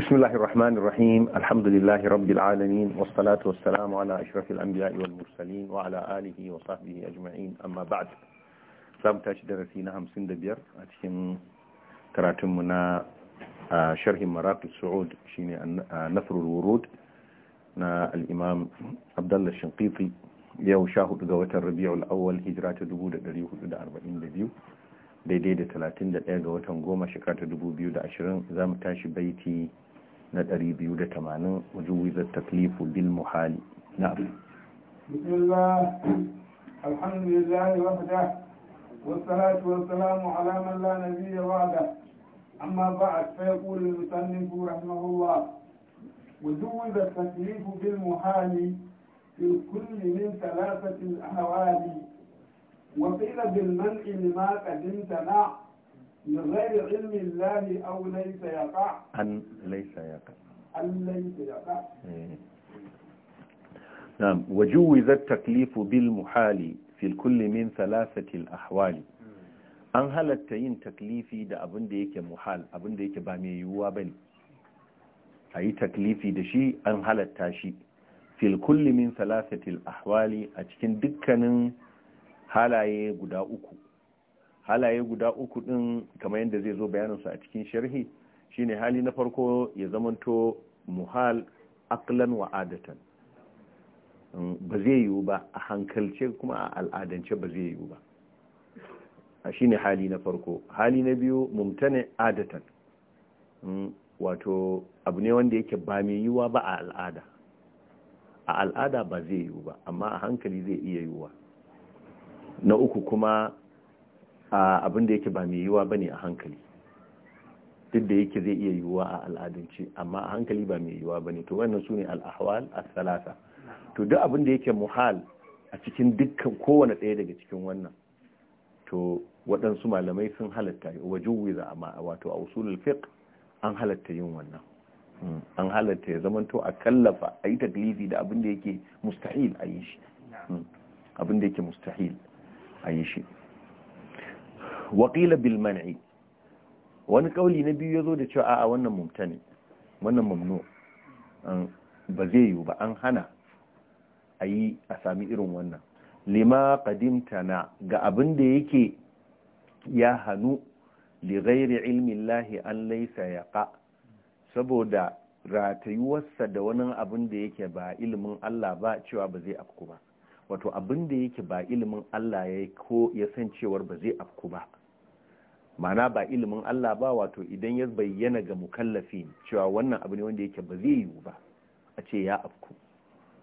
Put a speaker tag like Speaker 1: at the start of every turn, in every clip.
Speaker 1: بسم الله الرحمن الرحيم الحمد لله رب العالمين والصلاة والسلام على أشرف الأنبياء والمرسلين وعلى آله وصحبه أجمعين أما بعد سلام تاشد رسينا همسين دبير أتكن كراتمنا شرح مراقب السعود شيني نثر الورود na al'imam abdullah shinkifi yau sha hudu ga watan rabi'ul awwal hijira ta 1442 daidai da 31 ga watan goma shekara ta 2020 za mu tashi baiti نتري بيودة تمانا وجوز التكليف بالمحال نعم
Speaker 2: بسم الله الحمد لله وحده والصلاة والسلام على من لا نبي بعده أما بعد فيقول المصنف رحمه الله وجوز التكليف بالمحال في كل من ثلاثة الأهوال وقيل بالمنع لما قدمت امتنع من غير علم الله أو ليس يقع
Speaker 1: أن ليس يقع
Speaker 2: أن ليس يقع
Speaker 1: نعم وجوز التكليف بالمحال في الكل من ثلاثة الأحوال an halatta yin taklifi da abin da yake muhal abin da yake ba mai yiwuwa ba ne a yi taklifi da shi an halatta shi fil kulli min salasatil ahwali a cikin dukkanin halaye guda uku halaye guda uku din kamar yadda zai zo bayaninsu a cikin sharhi shine hali na farko ya zamanto muhal aklan wa adatan mm, ba zai yiwu ba a hankalce kuma a al'adance ba zai yiwu
Speaker 2: ba
Speaker 1: shine hali na farko hali na biyu mumtane adatan mm, wato abu ne wanda yake ba mai yiwuwa ba a al'ada a al'ada ba zai yiwu ba amma a hankali zai iya yiwuwa na uku kuma abin da yake ba mai yiwuwa bane a hankali duk da yake zai iya yiwuwa a al'adance amma a hankali ba mai yiwuwa bane to wannan sune al-ahwal a salasa to duk abin da yake muhal a cikin dukkan kowane ɗaya daga cikin wannan to waɗansu malamai sun halatta wa juwiza amma wato a usulul fiqh an halatta yin wannan hmm. an halatta ya zamanto a kallafa a yi taklifi da abin da yake mustahil a yi shi hmm. abin da yake mustahil a yi shi waƙila bilman'i wani ƙauli na biyu ya zo da cewa a wannan mumtani wannan mumno ba zai yiwu ba an hana a yi a sami irin wannan lima ƙadimta na ga abin da yake ya hannu lighairi ilmin lahi an laisa ya ƙa saboda ratayuwarsa da wani abin da yake ba ilimin Allah ba cewa ba zai afku ba wato abin da yake ba ilimin Allah ya ko ya san cewar ba zai afku ba mana ba ilimin Allah ba wato idan ya bayyana ga mukallafi cewa wannan abu ne wanda yake ba zai yiwu ba a ce ya afku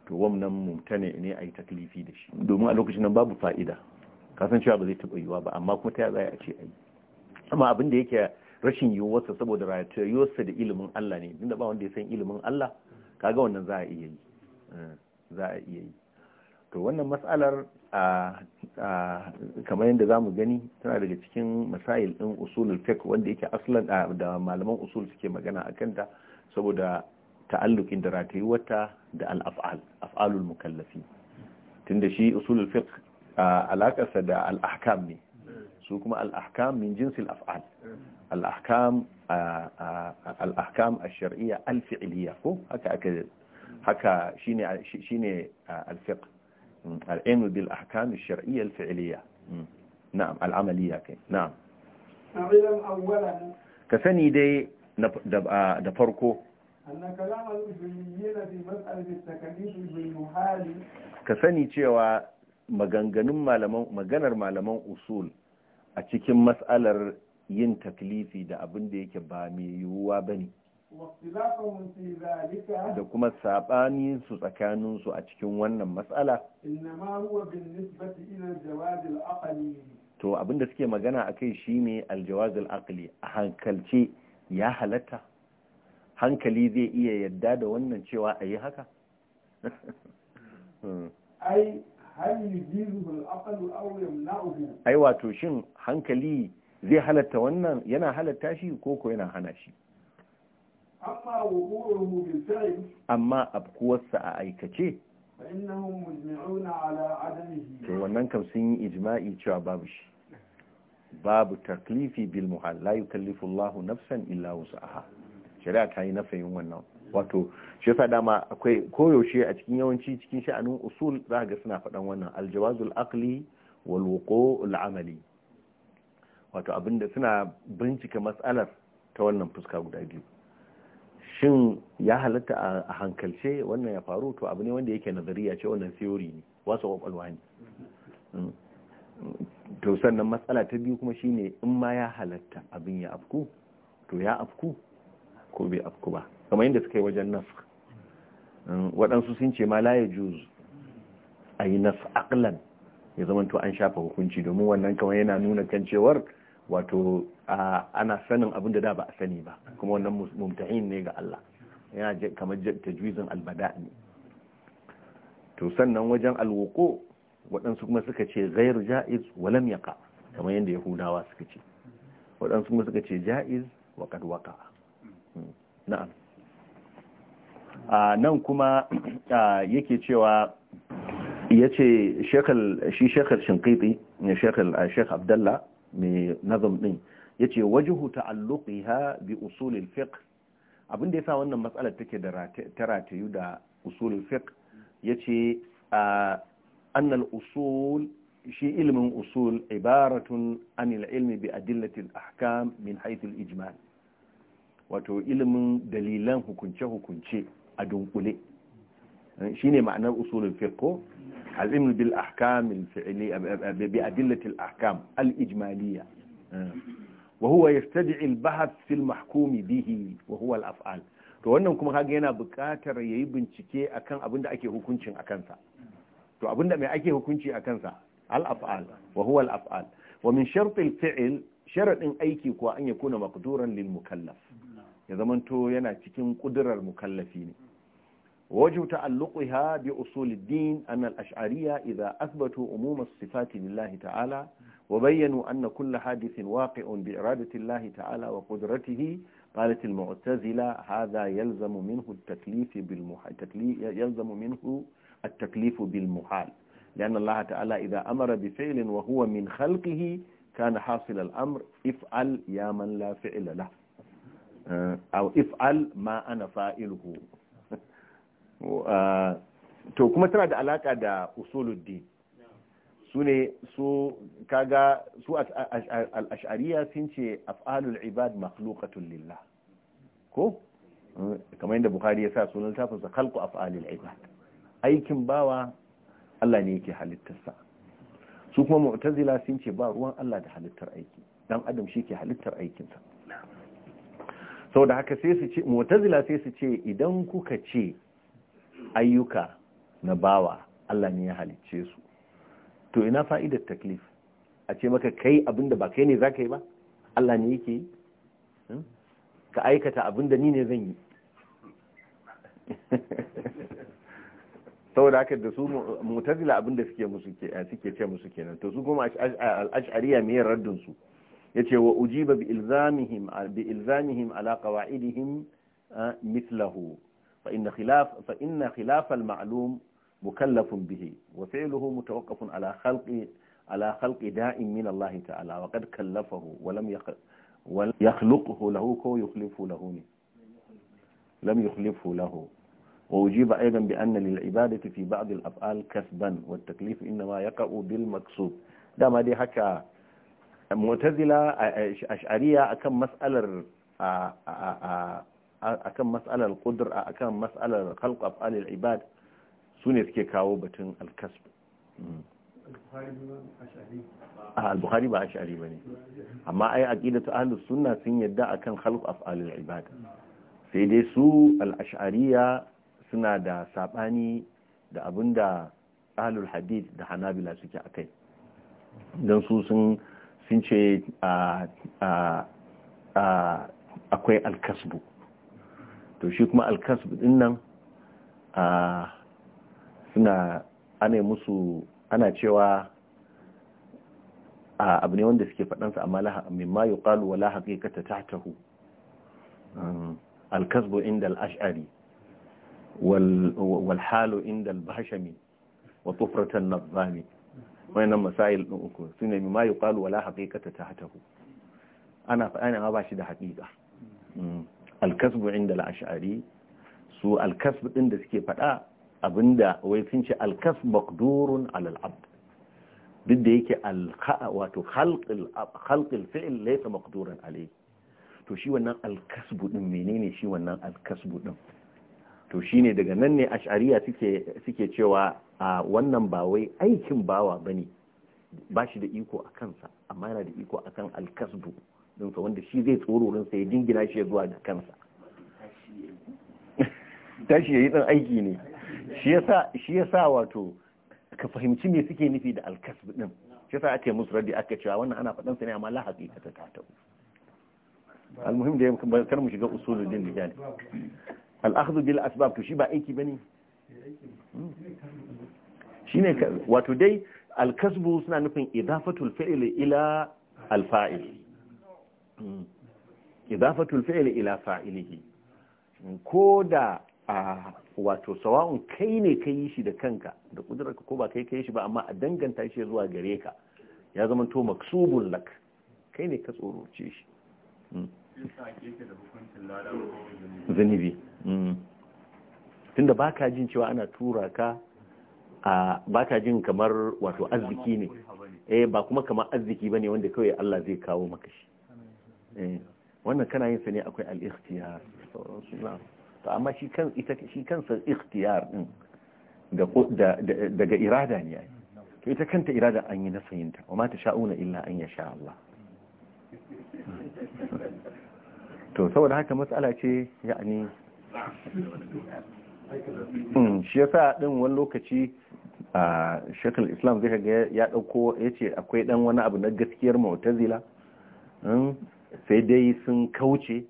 Speaker 1: to wannan mumtane ne a yi taklifi da shi domin a lokacin nan babu fa'ida kasan cewa ba zai taɓa yiwuwa ba amma kuma ta ya zai a ce a yi amma abin da yake rashin yiwuwarsa saboda rayuwarsa da ilimin Allah ne tunda ba wanda ya san ilimin Allah kaga wannan za a iya yi eh, za a iya yi to wannan matsalar kamar yadda za mu gani tana daga cikin masail ɗin usulul fiqh wanda yake aslan da malaman usul suke magana a kanta saboda ta'allukin da ratayuwarta da al-af'al al-af'al af'alul mukallafi tunda shi usulul fiqh alakarsa da al-ahkam ne su kuma al-ahkam min jinsil af'al Al-ahkam ash-shar'iyya al-fi'liyya ko haka haka shine shine al-fiqh العلم بالأحكام الشرعية الفعلية نعم العملية كي نعم
Speaker 2: أعلم أولا
Speaker 1: كسني da farko ka sani cewa maganganun malaman maganar malaman usul a cikin matsalar yin taklifi da abin da yake ba mai yiwuwa bane da kuma saɓani su tsakaninsu a cikin wannan matsala to abinda suke magana a kai shi ne aljawazil aqli a hankalce ya halatta hankali zai iya yadda da wannan cewa a yi haka ai wato shin hankali zai halatta wannan yana halatta shi ko ko yana hana shi amma abkuwarsa a aikace to wannan kam sun yi ijma'i cewa babu shi babu taklifi bil muhal la yukallifu Allah nafsan illa wus'aha shari'a ta yi nafayin wannan wato shi yasa dama akwai koyaushe a cikin yawanci cikin sha'anin usul za ga suna faɗan wannan aljawazul aqli wal wuqu'ul amali wato abinda suna bincika matsalar ta wannan fuska guda biyu shin ya halatta a hankalce wannan ya faru to abu ne wanda yake nazariya ce wannan theory ne wasu kwakwalwa ne mm. to sannan matsala ta biyu kuma shine in ma ya halatta abin ya afku to ya afku ko bai afku ba kamar yadda suka yi wajen nas mm, waɗansu sun ce ma laye ya a yi nas aklan ya zama to an shafa hukunci domin wannan kamar yana nuna kan cewar wato ana sanin abin da da ba a sani ba kuma wannan mumtahin ne ga Allah yana kamar tajwizin albada ne to sannan wajen alwoko waɗansu kuma suka ce ghairu ja'iz lam yaqa kamar yadda yahudawa suka ce waɗansu kuma suka ce ja'iz wa qad waqa hmm. na'am nan kuma yake cewa yace shekal shi shekal shinqiti ne shekal shek abdullah mai nazam din yace wajhu ta'alluqiha bi usulil fiqh abin da yasa wannan matsalar take da ratayu da usulul fiqh yace anna al usul shi ilmin usul ibaratun anil ilmi bi adillati al ahkam min hayth al ijmal wato ilmin dalilan hukunce hukunce a dunkule shine ma'anar usulun fiqh ko al-ilm bil ahkam bi adillati al-ahkam al-ijmaliyya wa huwa yastad'i al-bahth fi al bihi wa huwa al-af'al to wannan kuma kaga yana buƙatar yayi bincike akan abin ake hukuncin akan sa to abin mai ake hukunci akan sa al-af'al wa huwa al-af'al wa min shart al-fi'l sharadin aiki ko an yakuna maqduran lil mukallaf ya zamanto yana cikin kudurar mukallafi ne وجه تعلقها بأصول الدين أن الأشعرية إذا أثبتوا أموم الصفات لله تعالى وبينوا أن كل حادث واقع بإرادة الله تعالى وقدرته قالت المعتزلة هذا يلزم منه التكليف بالمحال يلزم منه التكليف بالمحال لأن الله تعالى إذا أمر بفعل وهو من خلقه كان حاصل الأمر افعل يا من لا فعل له أو افعل ما أنا فاعله Ah, to kuma tana da alaka da usuluddin su ne su kaga su al'ashariya sun ce af'alul ibad makhluqatun lillah ko kamar yadda bukhari ya sa sunan tafinsa khalqu af'alil ibad aikin bawa Allah ne yake halittarsa su kuma mu'tazila sun ce ba ruwan Allah da halittar aiki dan adam shi ke halittar aikinsa saboda haka sai su ce mu'tazila sai su ce idan kuka ce ayyuka na bawa Allah ne ya halicce su to ina fa'idar taklif a ce maka kai abinda ba kai ne za ka yi ba Allah ne yake hmm? ka aikata abinda ni ne zan yi saboda haka da su mutazila abinda suke musu suke ce musu kenan to su kuma al-ash'ariya me raddin su yace wa ujiba bi ilzamihim bi ilzamihim ala qawaidihim mithlahu فإن خلاف, فإن خلاف المعلوم مكلف به وفعله متوقف على خلق على خلق داء من الله تعالى وقد كلفه ولم يخلقه له كو يخلفه له لم يخلفه له وأجيب أيضا بأن للعبادة في بعض الأفعال كسبا والتكليف إنما يقع بالمقصود دام دي حكا معتزلة أشعرية كم مسألة آه، آه، آه، akan mas'alar a akan mas'alar khalq af'al al-ibad sune suke kawo batun al-kasb
Speaker 2: mm. ah, al-bukhari ba ash'ari bane
Speaker 1: amma ai aqidatu ahlus sunna sun yadda akan khalq af'al al-ibad sai dai su al-ash'ariya suna da saɓani da abinda ahlul hadith da hanabila suke kai. don su sun sun ce ah, ah, akwai alkasbu to shi kuma alkasb din nan a suna ana musu ana cewa abu ne wanda suke faɗansa amma mimma yi ƙalu wala haƙiƙata ta tahu um, alkasbo inda al'ash'ari walhalo inda al wa tufratan nazami wayannan masail ɗin uku su ne mimma yi ƙalu wala haƙiƙata ta tahu ana faɗa ne ma ba shi da haƙiƙa um, alkasbu inda al'ashari su alkasbu din da suke faɗa abinda wai sun ce alkasb maqdurun ala duk da yake wato khalqil khalqil fi'l laysa maqduran to shi wannan alkasbu din menene shi wannan alkasbu din to ne daga nan ne ash'ariya suke cewa a wannan ba wai aikin bawa bane ba shi da iko a kansa amma yana da iko akan alkasbu ɗinsa wanda shi zai tsoro tsororinsa ya jingina shi ya zuwa da kansa tashi ya yi ɗan aiki ne shi ya sa wato ka fahimci me suke nufi da alkas ɗin shi sa ake musu radi aka cewa wannan ana faɗansa ne amma lahaƙi ka ta tata almuhim da ya kar mu shiga usulul din da al-akhdhu bil asbab to shi ba aiki bane shine wato dai al-kasbu suna nufin idafatul fi'l ila al-fa'il Mm. idafatul fi'li ila fa'ilihi ko da wato sawa'un kai ne ka yi shi da kanka da kudurarka ko ba kai ka yi shi ba amma a danganta shi zuwa gare ka ya zama to maksubun lak kai ne ka tsoroce shi mm. zanibi mm. tunda ba ka jin cewa ana tura ka ba ka jin kamar wato arziki ne eh ba kuma kamar arziki ba ne wanda kawai Allah zai kawo maka shi Eh, wannan kana yin sa ne akwai al-ikhtiyar to amma shi kan ita shi kansa ikhtiyar din daga irada ne ai to ita kanta irada an yi nasayin ta amma ta sha'una illa an yasha Allah to saboda haka matsala ce yani mm, shi yasa din wani lokaci a shekul islam zai ga ya dauko ya ce akwai dan wani abu na gaskiyar mu'tazila mm, sai dai sun kauce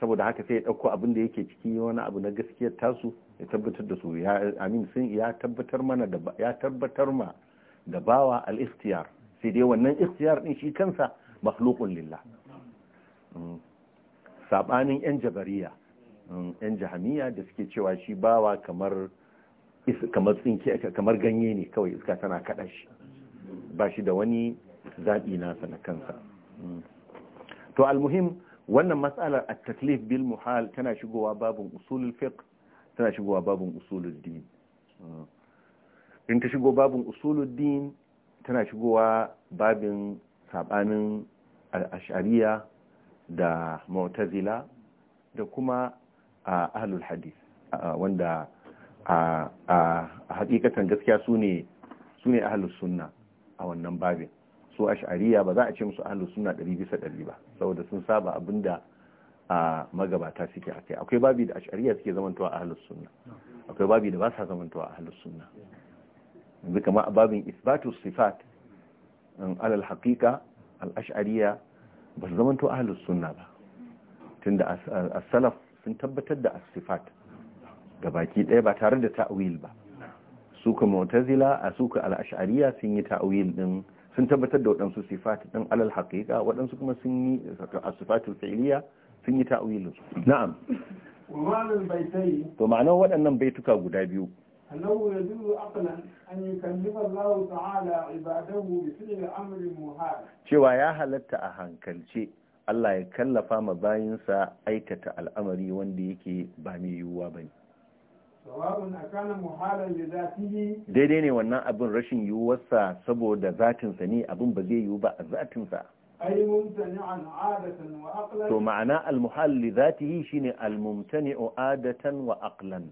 Speaker 1: saboda haka sai ya ɗauko abin da yake ciki wani abu na gaskiyar tasu ya tabbatar da su ya amin sun ya tabbatar mana da ya tabbatar ma da bawa al-ikhtiyar sai dai wannan ikhtiyar din shi kansa makhluqun lillah mm. sabanin yan jabariya yan mm, jahamiya da suke cewa shi bawa kamar kamar tsinke kamar ganye ne kawai iska tana kada shi ba shi da wani zabi nasa na kansa mm. to almuhim wannan matsalar a taklif bil muhal tana shigowa babin usulul fiqh tana shigowa babin usulul din in ta shigo babin usulul din tana shigowa babin sabanin al-ash'ariyya da mu'tazila da kuma ahlul hadith wanda a hakikatan gaskiya sune ne ahlus sunna a wannan babin su ash'ariya ba za a ce musu ahlus sunna ɗari bisa ɗari ba saboda sun saba abinda a magabata suke a kai akwai babi da ash'ariya suke zamantowa ahlus sunna akwai babi da ba sa zamantowa ahlus sunna yanzu kamar babin isbatu sifat alal haqiqa al ash'ariya ba su zamanto ahlus sunna ba tunda as-salaf sun tabbatar da as-sifat gabaki ɗaya ba tare da ta'wil ba suka mu'tazila a suka al-ash'ariyya sun yi ta'wil din sun tabbatar da waɗansu sifat ɗin alal haƙiƙa waɗansu kuma sun yi a sifatul fa'iliya sun yi ta'awilin su na'am to ma'ana waɗannan baituka guda biyu
Speaker 2: annahu yadullu aqlan an yukallima Allah ta'ala ibadahu bi fi'li amrin muhal
Speaker 1: cewa ya halatta a hankalce Allah ya kallafa ma bayinsa aikata al'amari wanda yake ba mai yiwuwa bane daidai ne wannan abin rashin yiwuwarsa saboda zatinsa ne abin ba zai yiwu ba a zatinsa to ma'ana almuhalli li zatihi shine almumtani'u adatan wa aqlan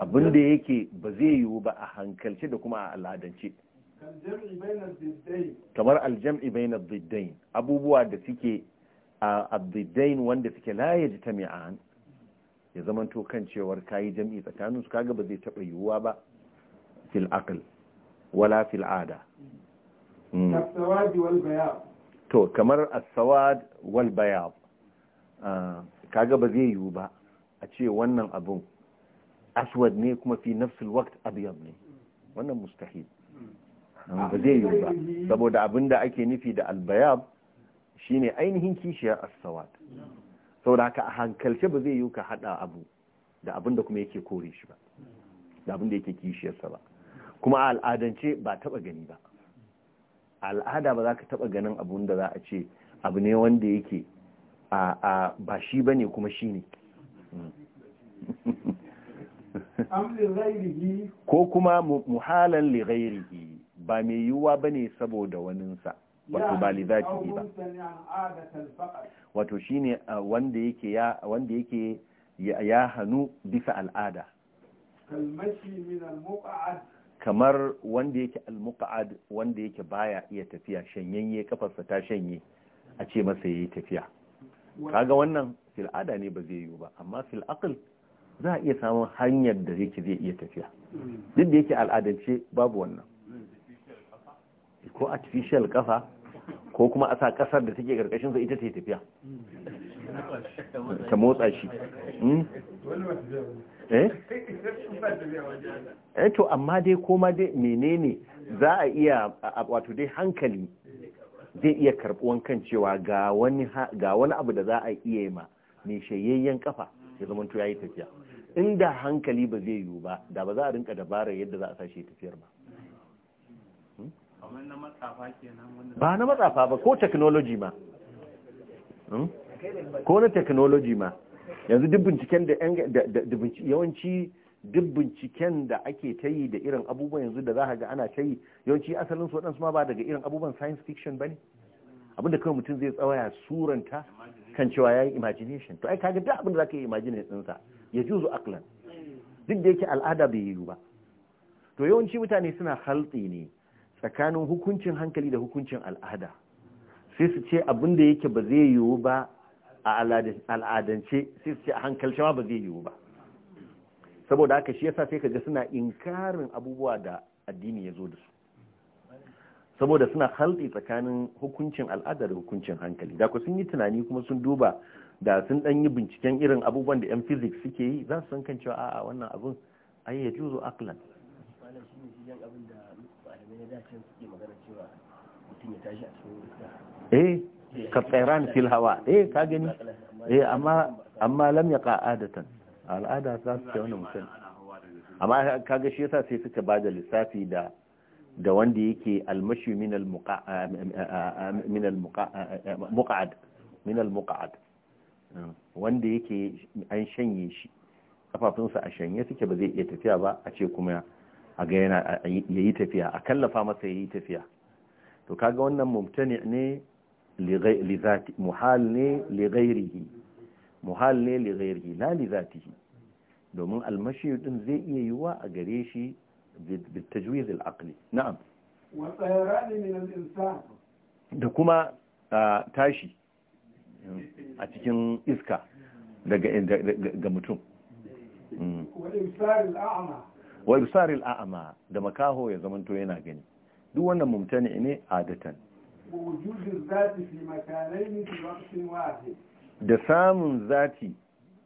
Speaker 1: abin da yake ba zai yiwu ba a hankalce da kuma a al'adance kamar aljam'i bai na abubuwa da suke a diddain wanda suke ta mi'an. ya zama to kan cewar kayi jam'i tsakaninsu kaga ba zai taɓa yiwuwa ba fil aql wala fil ada mm. to kamar as-sawad wal bayad ah, kaga ba zai yiwu ba a ce wannan abun aswad ne kuma fi nafsul waqt abyad ne wannan mustahil mm. ba zai yiwu ba mm. saboda abinda ake nufi da al-bayad shine ainihin kishiyar as-sawad saboda haka a hankalce ba zai yi ka hada abu da abin da kuma yake kore shi ba da abin da yake kishiyarsa ba kuma a al'adance ba taba gani ba al'ada ba za ka taba ganin abun da za a ce abu ne wanda yake a ba shi ba ne kuma shi ne ko kuma muhalan li ba mai yiwuwa ba ne saboda waninsa wato ba li ba wato shine uh, wanda yake ya wanda yake ya hanu bisa al'ada kamar wanda yake al-muqa'ad wanda yake baya iya tafiya shanyenye kafarsa ta shanye a ce masa yayi tafiya kaga wannan fil'ada ne ba zai yiwu ba amma fil aql za a iya samun hanyar da yake zai iya tafiya hmm. duk da yake al'adance babu wannan hmm. ko artificial kafa ko kuma a sa kasar da take karkashin sa ita ce tafiya ta motsa shi hmm? eh? eh to amma dai koma dai menene za a iya wato dai hankali zai iya karɓuwan kan cewa ga wani abu da za a iya ma mai shayayyen kafa ya zama to yi tafiya inda hankali ba zai yiwu ba da ba za a rinka dabarar yadda za a sashi tafiyar ba ba na matsafa ba ko technology ma hmm? ko na technology ma yanzu duk binciken da yawanci duk binciken da ake ta yi da irin abubuwan yanzu da za ga ana ta yi yawanci asalin su waɗansu ma ba daga irin abubuwan science fiction ba ne abinda kawai mutum zai tsawaya suranta kan cewa ya yi imagination to ai kaga duk abinda za ka yi imagination ɗinsa ya juzu aklan duk da yake al'ada bai yiwu ba to yawanci mutane suna haltsi ne tsakanin hukuncin hankali da hukuncin al'ada sai su ce abin da yake ba zai yiwu ba a al'adance sai su ce a hankalce ma ba zai yiwu ba saboda haka shi yasa sai kaga suna inkarin abubuwa da addini ya zo da su saboda suna halɗe tsakanin hukuncin al'ada da hukuncin hankali da ku sun yi tunani kuma sun duba da sun ɗan yi binciken irin abubuwan da 'yan physics suke yi za su san kan cewa a'a wannan abin ai ya juzo aklan eh ka tsairan fil hawa eh ka gani eh amma amma lam ya qa'adatan al'ada za su ce wani mutum amma ga shi yasa sai suka bada lissafi da da wanda yake almashi min al-muqa'ad min al-muqa'ad wanda yake an shanye shi kafafunsa a shanye suke ba zai iya tafiya ba a ce kuma a ga yana yayi tafiya a kallafa masa yayi tafiya to kaga wannan mumtani ne li zati muhal ne li muhal ne li na la li zatihi domin almashi din zai iya wa a gare shi bil tajwiz al aqli na'am
Speaker 2: wa tsayarani min al insan
Speaker 1: da kuma tashi a cikin iska daga ga mutum
Speaker 2: wa imsar al a'ma
Speaker 1: wa ibsaril a'ma da makaho ya zamanto yana gani duk wannan mumtani ne adatan da samun zati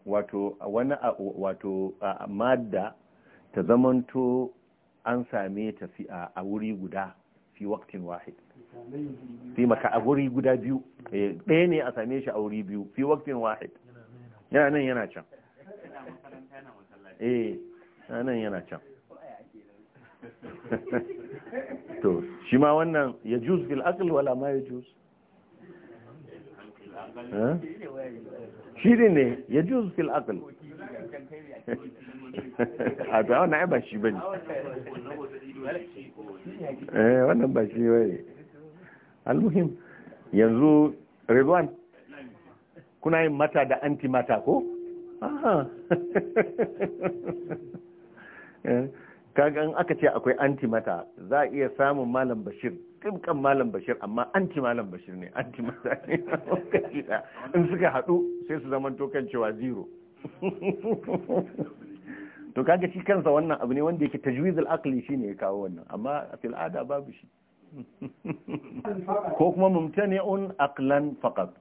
Speaker 1: wato wani wato madda ta zamanto an same ta a wuri guda fi waktin wahid fi maka a wuri guda biyu ɗaya ne a same shi a wuri biyu fi waktin wahid yana nan yana can nan yana can to shi ma wannan ya juz fil aql wala ma ya juz shi ne ne ya juz fil aql a ta wannan ai ba shi bane eh wannan ba shi bane almuhim yanzu Rizwan, kuna yin mata da anti mata ko? Eh, kaga in aka ce akwai anti mata za a iya samun malam bashir kimkan malam bashir amma anti malam bashir ne anti mata ne in suka haɗu sai su zama kan cewa zero to kaga shi kansa wannan abu ne wanda yake tajwizul aqli shine ya kawo wannan amma fil ada babu shi ko kuma un aqlan faqat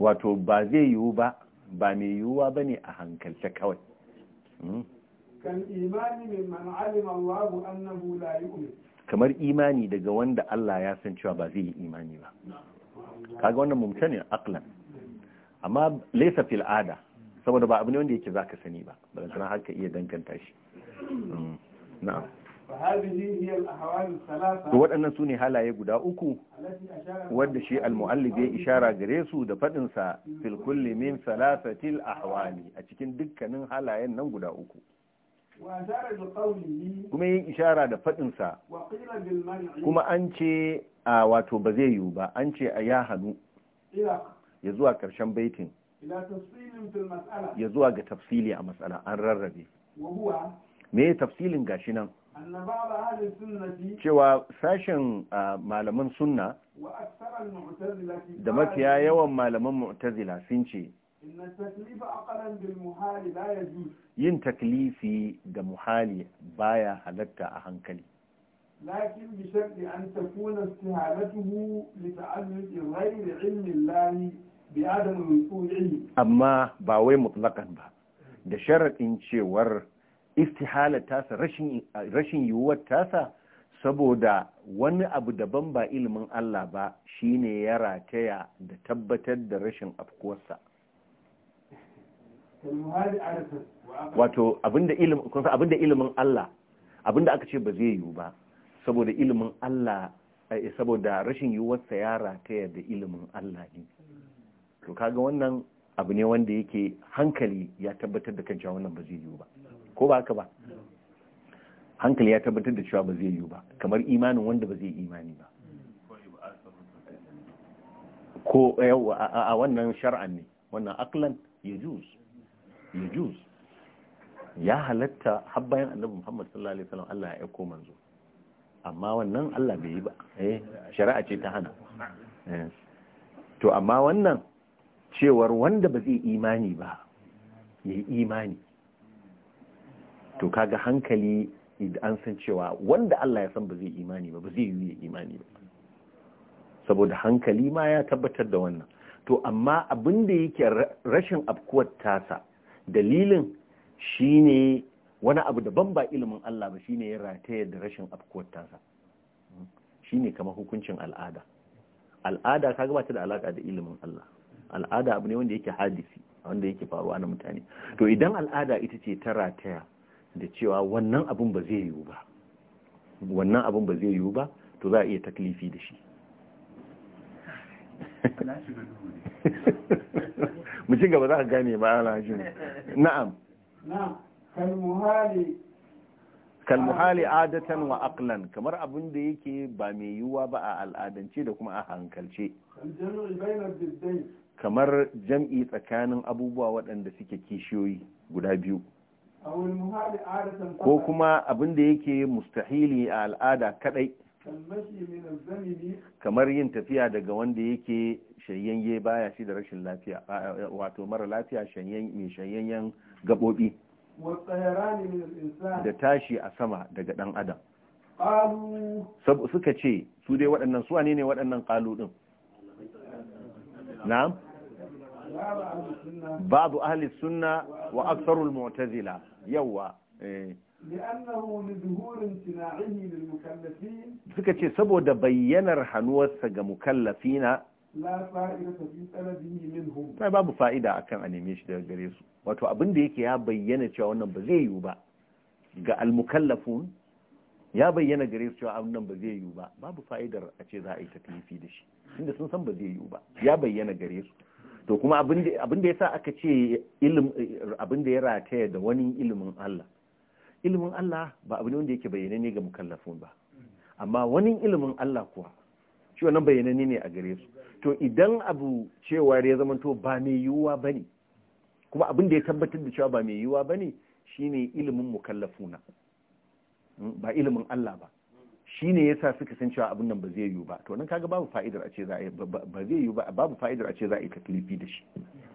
Speaker 1: wato ba zai yiwu ba ba mai yiwuwa bane a hankalce kawai hmm? kamar imani daga wanda Allah ya san cewa ba zai yi imani ba kaga wannan mumtani aqlan amma laysa fil ada saboda ba abu ne wanda yake zaka sani ba ba haka iya danganta shi mm. na'am to waɗannan su ne halaye guda uku wadda shi al-mu'allif ya ishara gare su da faɗinsa fil kulli min salasatil ahwali a cikin dukkanin halayen nan guda uku kuma yin ishara da faɗinsa kuma an ce a wato ba zai yiwu ba an ce a ya hannu ya zuwa ƙarshen baitin ya zuwa ga tafsili a matsala an rarrabe me tafsilin gashi nan cewa sashen malaman sunna da mafiya yawan malaman mu'tazila sun ce yin taklifi da muhali baya halatta a hankali
Speaker 2: lakin bi sharti an takuna istihalatuhu li ta'alluqi ghayri ilmi Allah bi adam wuqu'i
Speaker 1: amma ba wai mutlaqan ba da sharadin cewar istihala ta rashin rashin yiwuwar tasa saboda wani abu daban ba ilimin Allah ba shine ya rataya da tabbatar da rashin afkuwarsa wato abinda ilimin kun san Allah abinda aka ce ba zai yiwu ba saboda ilimin Allah eh, saboda rashin yiwuwar sa yara ta yadda ilimin Allah ne to kaga wannan abu ne wanda yake hankali ya tabbatar da kan cewa wannan ba zai yiwu ba ko ba haka ba hankali ya tabbatar da cewa ba zai yiwu ba kamar imanin wanda ba zai imani ba ko eh, a wannan shar'an ne wannan aklan ya yajuz ya halatta har bayan annabi Muhammad sallallahu alaihi wasallam Allah ya aiko manzo amma wannan Allah bai yi ba eh shari'a ce ta hana eh. to amma wannan cewar wanda ba zai imani ba yayi imani to kaga hankali an san cewa wanda Allah ya san ba zai imani ba ba zai yi imani ba saboda hankali ma ya tabbatar da wannan to amma abin da yake rashin afkuwar tasa dalilin shi ne wani abu daban ba ilimin Allah ba shi ne ya rataya da rashin shi ne kama hukuncin al'ada al'ada ka gabata da alaka da ilimin Allah al'ada abu ne wanda yake hadisi wanda yake faruwa na mutane to idan al'ada ita ce ta rataya da cewa wannan abun ba zai yiwu ba wannan abun ba zai yiwu ba to za a iya taklifi da shi mu ci gaba za ka gane ba ala shi na'am kalmuhali adatan wa aqlan kamar abin da yake ba mai yiwuwa ba a al'adance da kuma a hankalce kamar jam'i tsakanin abubuwa waɗanda suke kishiyoyi guda biyu
Speaker 2: ko kuma
Speaker 1: abin da yake mustahili a al'ada kadai kamar yin tafiya daga wanda yake shanyayye baya shi da rashin lafiya wato mara lafiya mai shanyayyen gabobi da tashi a sama daga dan adam suka ce su dai waɗannan su ne waɗannan ƙalu ɗin na. babu ahli sunna wa aksarul mu'tazila yau eh suka ce saboda bayyanar hannuwarsa ga mukallafina sai babu fa'ida kan a neme shi daga gare su wato abin da yake ya bayyana cewa wannan ba zai yiwu ba ga almukallafun ya bayyana gare su cewa wannan ba zai yiwu ba babu fa'idar a ce za a yi taklifi da shi inda sun san ba zai yiwu ba ya bayyana gare su to kuma abin da ya sa aka ce abin da ya rataya da wani ilimin Allah ilimin Allah ba abu ne wanda yake bayyananne ga mukallafun ba amma wani ilimin Allah kuwa shi wannan bayyananne ne a gare su to idan abu cewa ya zama to ba mai yiwuwa bane kuma abin da ya tabbatar da cewa ba mai yiwuwa bane shine ilimin mukallafuna hmm, ba ilimin Allah ba shine yasa suka san cewa abin nan ba zai yiwu ba to nan kaga babu fa'idar a ce za a ba zai yiwu ba babu fa'idar a ce za a yi taklifi da shi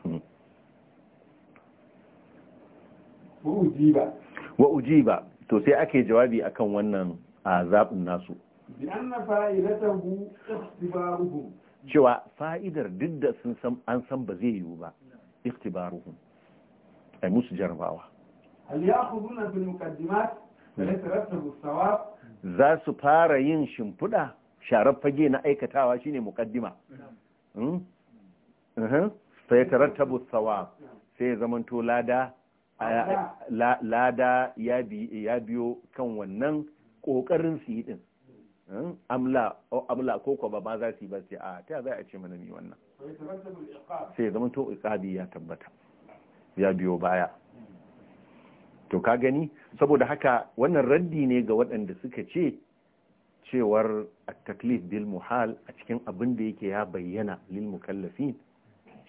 Speaker 1: hmm. wa ujiba to sai ake jawabi akan wannan a zaɓin nasu cewa fa'idar duk da sun san an san ba zai yiwu ba iktibaruhun a musu jarabawa za su fara yin shimfiɗa sharar fage na aikatawa shine muqaddima sai ya sawa sai ya zamanto lada lada ya biyo kan wannan kokarin su yi din hmm? amla ko ko ba ma za su ba sai a ta za a ce mana ni wannan sai zama to iqabi ya tabbata ya biyo baya to ka gani saboda haka wannan raddi ne ga waɗanda suka ce cewar taklif bil muhal a cikin abin da yake ya bayyana lil mukallafin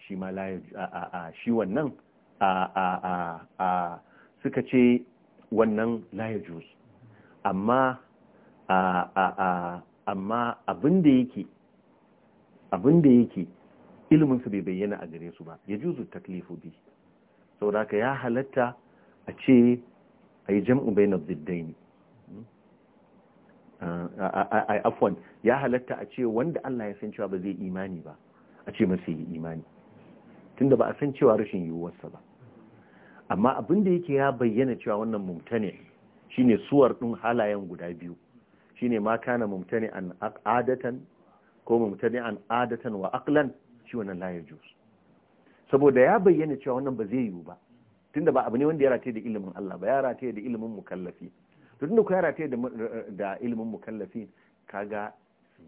Speaker 1: shi ma la shi wannan a suka ce wannan ya juz amma amma abin da yake abin yake ilimin su bai bayyana a gare su ba ya juzu taklifu bi saboda ka ya halatta a ce a yi jam'u bainab a afwan ya halatta a ce wanda Allah ya san cewa ba zai imani ba a ce masa yi imani tunda ba a san cewa rashin yiwuwarsa ba amma abin da yake ya bayyana cewa wannan mumtane shine suwar din halayen guda biyu shine ma kana mumtane an adatan ko mumtane an adatan wa aqlan shi wannan la yajuz saboda ya bayyana cewa wannan ba zai yiwu ba tunda ba abu ne wanda ya rataye da ilimin Allah ba ya rataye da ilimin mukallafi to tunda ku ya rataye da da ilimin mukallafi kaga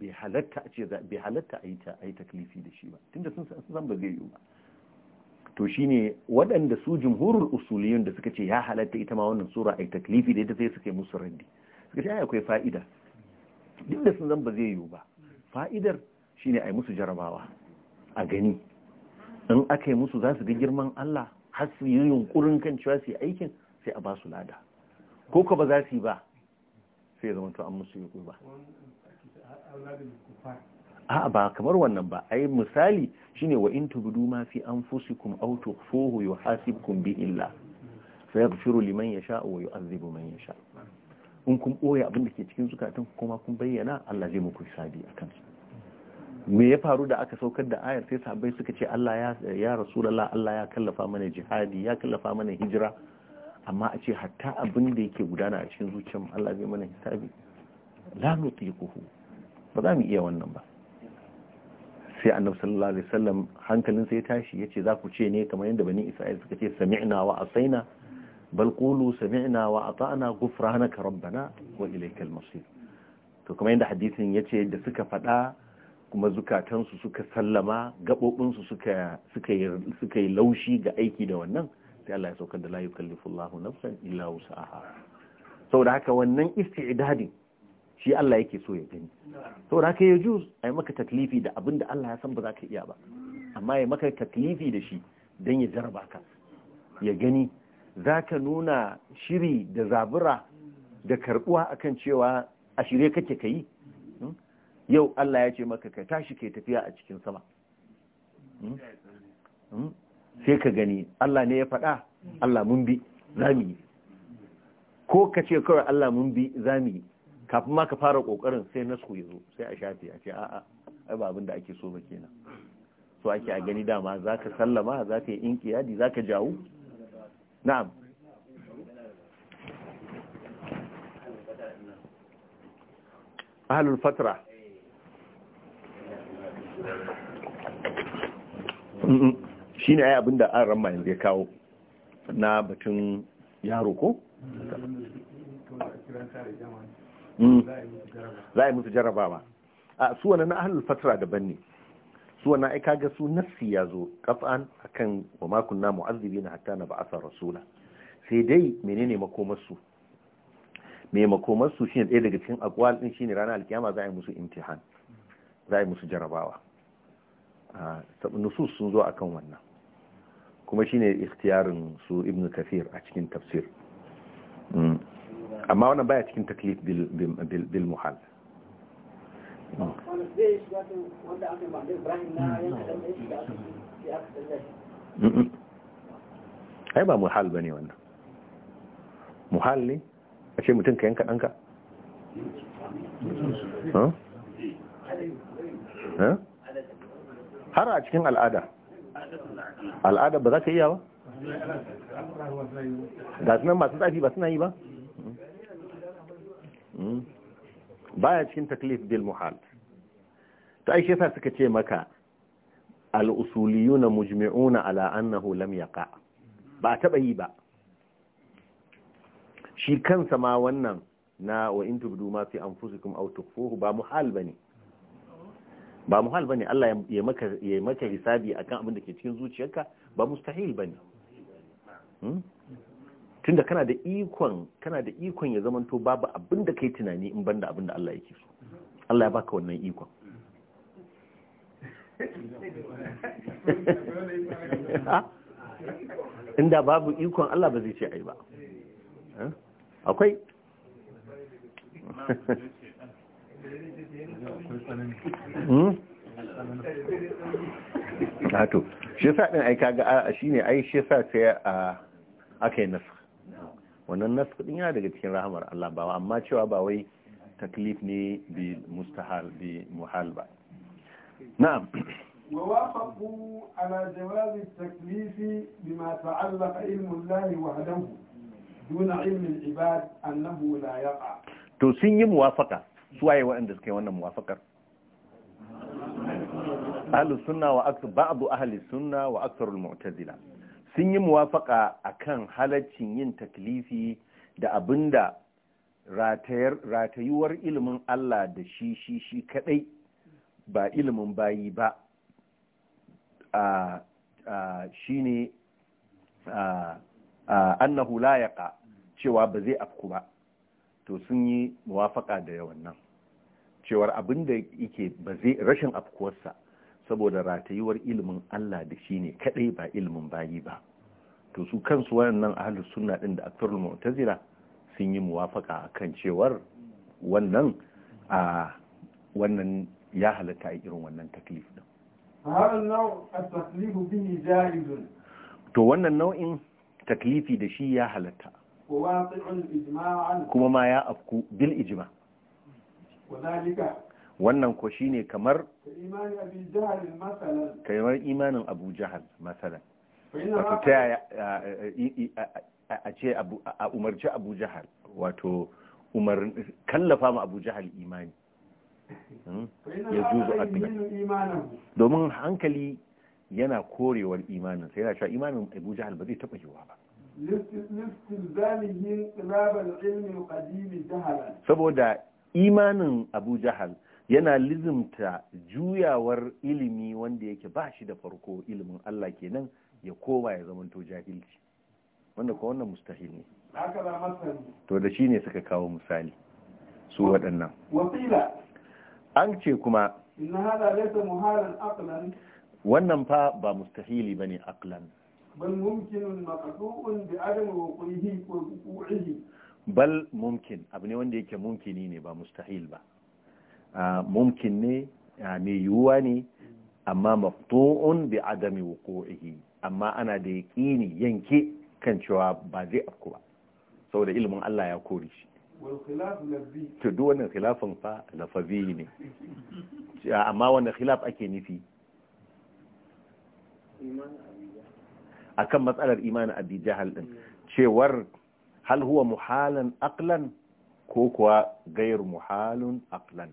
Speaker 1: bai halatta a ce bi halatta a yi taklifi da shi ba tunda sun san ba zai yiwu ba to shi ne waɗanda su jumhurul usuliyun da suka ce ya halatta ita ma wannan sura a taklifi da ita sai suka musu randi suka ce yi akwai fa'ida duk da sun zan ba zai yiwu ba fa'idar shi shine yi musu jarabawa a gani in aka yi musu za su ga girman Allah har su yi yunkurin kan cewa su yi aikin sai a ba su lada ko ka ba za su yi ba sai zama to an musu yi ba a ba kamar wannan ba ai misali shine wa in tubdu ma fi anfusikum aw tukhfuhu yuhasibkum illa. Allah fa yaghfiru liman yasha wa yu'adhibu man yasha in kun boye abin da ke cikin zukatan kuma kun bayyana Allah zai muku hisabi akan me ya faru da aka saukar da ayar sai sahabbai suka ce Allah ya ya rasulullah Allah ya kallafa mana jihadi ya kallafa mana hijira amma a ce hatta abin da yake gudana a cikin zuciyar Allah zai mana hisabi la nutiquhu ba za mu iya wannan ba sai annabi sallallahu alaihi wasallam hankalin sai tashi yace za ku ce ne kamar yadda bani isra'il suka ce sami'na wa asaina bal qulu sami'na wa ata'na ghufranaka rabbana wa ilaykal masir to kamar yadda hadisin yace da suka faɗa kuma zukatansu suka sallama gaɓoɓinsu suka suka yi laushi ga aiki da wannan sai Allah ya saukar da la yukallifu Allahu nafsan illa wus'aha saboda haka wannan isti'dadin shi Allah yake so ya gani to da ya juz ai maka taklifi da abinda Allah ya san ba za ka iya ba amma ya maka taklifi da shi dan ya jarba ka ya gani Za ka nuna shiri da zabura da karbuwa akan cewa a shirye kake kai hmm? yau Allah ya ce maka ka tashi kai tafiya a cikin sama hmm? Hmm? sai ka gani Allah ne ya faɗa Allah mun bi mu yi ko ka ce kawai Allah mun bi mu yi kafin ma ka fara kokarin sai nasku yazo sai a shafi a ce a'a ai ba abin da ake so ba kenan so ake a gani dama zaka sallama zaka yi inqiyadi zaka jawo na'am ahlul fatra shine ai abin da an ramma yanzu ya kawo na batun yaro ko Hmm. za a yi musu jarabawa a su wani na ahalul fatara daban ne su wani aika ga su nassi ya zo kafan akan wa namu azubi na hatta na ba'asa rasula sai dai menene makomarsu? su me makomar su shine ɗaya daga cikin akwal din ne rana alkiyama za a yi musu imtihan za a yi musu jarabawa nusus sun zo akan wannan kuma shi ne ikhtiyarin su Ibn kafir a cikin tafsir amma wannan baya cikin taklif bil muhal hmm. ai ba muhal bane wannan muhal ne a ce mutum ka yanka ɗanka har a cikin al'ada
Speaker 2: al'ada ba za ka iya ba
Speaker 1: ga sunan masu tsafi ba suna yi ba Hmm? baya cikin taklif bil muhal ta aishe yasa suka ce maka al na mujmi'una ala annahu lam yaqa ba taba yi ba shi kansa ma wannan na wa in tubdu ma fi anfusikum aw tukhfuhu ba muhal bane ba muhal bane Allah ya maka ya maka hisabi akan abin da ke cikin zuciyarka ba mustahil bane hmm? tunda kana da ikon kana da ikon ya zamanto babu abin da kai tunani in banda abin da Allah yake so Allah ya baka wannan ikon inda babu ikon Allah ba zai ce ai ba eh? akwai hmm? Ato, shi sa ɗin aika ga a shi ne ai shi sa sai a aka yi nasa. wannan nasu din yana daga cikin rahamar Allah ba amma cewa ba wai taklif ne bi mustahal bi muhal ba na'am
Speaker 2: ووافقوا على جواز التكليف بما allah علم الله وحده ilmi al-ibad annahu la yaqa
Speaker 1: to sun yi muwafaka su waye waɗanda suka yi wannan muwafakar ahlus sunna wa aktsar ba'd ahli sunna wa aktsarul mu'tazila sun yi muwafaka kan halaccin yin taklifi da abinda ratayuwar ilimin Allah da shi shi shi kadai ba ilimin bayi ba shi ne annahu layaka cewa ba zai afku ba to sun yi muwafaka da yawan nan cewar abin da yake rashin afkuwarsa saboda ratayuwar ilimin Allah da shi ne kadai ba ilimin bayi ba to su kansu wayannan ahlus sunna din da aktarul mu'tazila sun yi muwafaka akan cewar wannan a wannan ya halatta a irin wannan taklif din to wannan nau'in taklifi da shi ya halatta kuma ma ya afku bil ijma' wannan ko shine kamar kamar imanin abu jahal masalan wato ta a ce a umarci abu jahal wato umar kallafa ma abu jahal imani hmm? ya zuzu akbar domin hankali yana korewar imanin sai yana cewa imanin abu jahal ba zai taɓa yiwuwa
Speaker 2: ba
Speaker 1: saboda imanin abu jahal yana lizimta juyawar ilimi wanda yake ba shi da farko ilimin Allah kenan ya koma ya zamanto jahilci wanda ko wannan mustahil ne to da shi ne suka kawo misali su waɗannan an ce kuma
Speaker 2: hada
Speaker 1: wannan fa ba mustahili ba ne aklan
Speaker 2: bal mumkinun maqdu'un bi adam wuqu'ihi
Speaker 1: bal mumkin abu ne wanda yake mumkini ne ba mustahil ba mumkin ne mai yiwuwa ne amma maftu'un bi adami wuqu'ihi amma ana da yaqini yanke kan cewa ba zai afku ba saboda ilimin Allah ya kori shi to duk wannan khilafin fa ne amma wannan khilaf ake nufi akan matsalar imanin abi jahal din cewar hal huwa muhalan aqlan ko kuwa gairu muhalun aqlan